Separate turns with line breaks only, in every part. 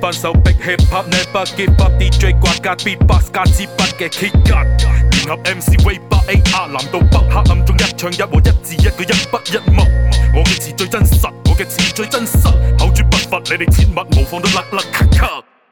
分手逼 hiphop，never give up，DJ 掛卡 B box，卡司發嘅 hit cut，配合 MC V 八 AR，南到北黑暗中一唱一和，一字一句一筆一默。我嘅詞最真實，我嘅詞最真實，口誅筆伐，你哋切勿模仿都甩甩咳咳。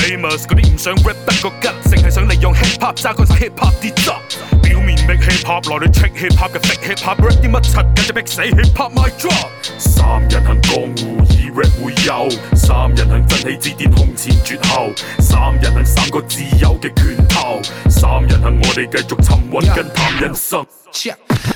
Famous 嗰啲唔想 rap 得個吉，淨係想利用 hip hop 揸嗰曬 hip hop 啲汁。表面逼 hip hop，內裏 check hip hop 嘅 fake hip hop，rap 啲乜柒，跟住逼死 hip hop my。My job 三人行江湖以 rap 會友，三人行真起之巔空前絕後，三人行三個自由嘅拳頭，三人行我哋繼續尋揾跟探人生。